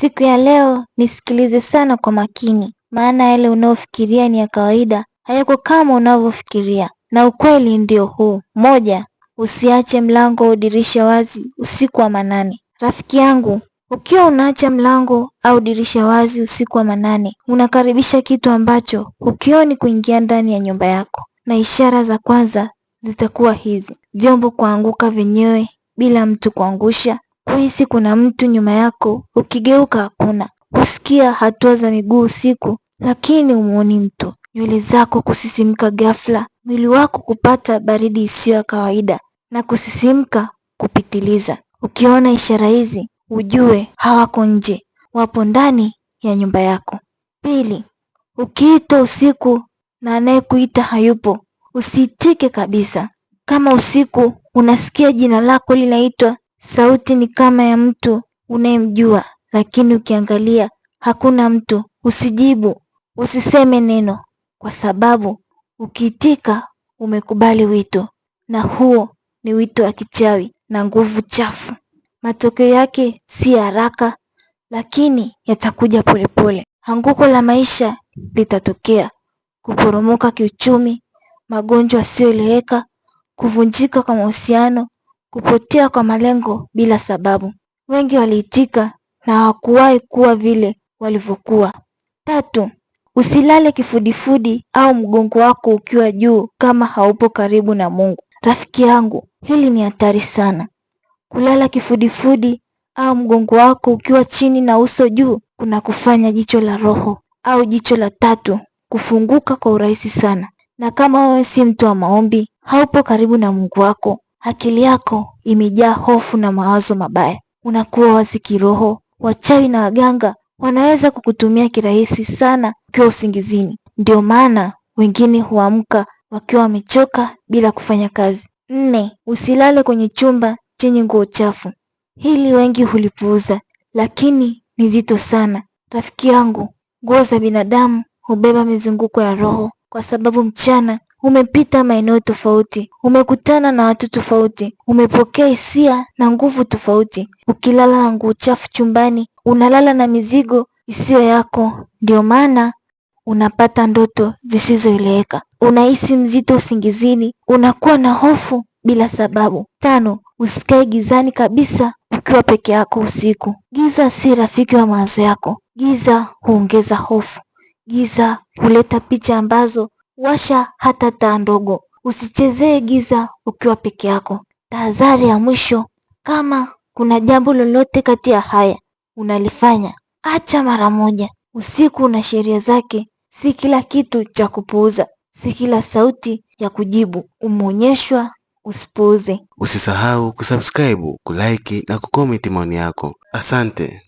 Siku ya leo nisikilize sana kwa makini, maana yale unayofikiria ni ya kawaida, hayako kama unavyofikiria. Na ukweli ndio huu: moja, usiache mlango au dirisha wazi usiku wa manane. Rafiki yangu, ukiwa unaacha mlango au dirisha wazi usiku wa manane, unakaribisha kitu ambacho hukioni kuingia ndani ya nyumba yako, na ishara za kwanza zitakuwa hizi: vyombo kuanguka vyenyewe bila mtu kuangusha, Huhisi kuna mtu nyuma yako, ukigeuka hakuna. Husikia hatua za miguu usiku, lakini humuoni mtu. Nywele zako kusisimka ghafla, mwili wako kupata baridi isiyo ya kawaida na kusisimka kupitiliza. Ukiona ishara hizi, ujue hawako nje, wapo ndani ya nyumba yako. Pili, ukiitwa usiku na anayekuita hayupo, usiitike kabisa. Kama usiku unasikia jina lako linaitwa, Sauti ni kama ya mtu unayemjua lakini ukiangalia hakuna mtu. Usijibu, usiseme neno kwa sababu ukiitika umekubali wito na huo ni wito wa kichawi na nguvu chafu. Matokeo yake si haraka lakini yatakuja polepole. Anguko la maisha litatokea, kuporomoka kiuchumi, magonjwa yasiyoeleweka, kuvunjika kwa mahusiano kupotea kwa malengo bila sababu. Wengi waliitika na hawakuwahi kuwa vile walivyokuwa. Tatu, usilale kifudifudi au mgongo wako ukiwa juu kama haupo karibu na Mungu. Rafiki yangu, hili ni hatari sana. Kulala kifudifudi au mgongo wako ukiwa chini na uso juu kuna kufanya jicho la roho au jicho la tatu kufunguka kwa urahisi sana. Na kama wewe si mtu wa maombi, haupo karibu na Mungu wako, Akili yako imejaa hofu na mawazo mabaya, unakuwa wazi kiroho. Wachawi na waganga wanaweza kukutumia kirahisi sana ukiwa usingizini. Ndio maana wengine huamka wakiwa wamechoka bila kufanya kazi. Nne, usilale kwenye chumba chenye nguo chafu. Hili wengi hulipuuza, lakini ni zito sana. Rafiki yangu, nguo za binadamu hubeba mizunguko ya roho, kwa sababu mchana Umepita maeneo tofauti, umekutana na watu tofauti, umepokea hisia na nguvu tofauti. Ukilala na nguo chafu chumbani, unalala na mizigo isiyo yako. Ndio maana unapata ndoto zisizoeleweka, unahisi mzito usingizini, unakuwa na hofu bila sababu. Tano, usikae gizani kabisa ukiwa peke yako usiku. Giza si rafiki wa mawazo yako. Giza huongeza hofu. Giza huleta picha ambazo washa hata taa ndogo. Usichezee giza ukiwa peke yako. Tahadhari ya mwisho, kama kuna jambo lolote kati ya haya unalifanya, acha mara moja. Usiku una sheria zake, si kila kitu cha kupuuza, si kila sauti ya kujibu umeonyeshwa usipuuze. Usisahau kusubscribe, kulike na kukomenti maoni yako. Asante.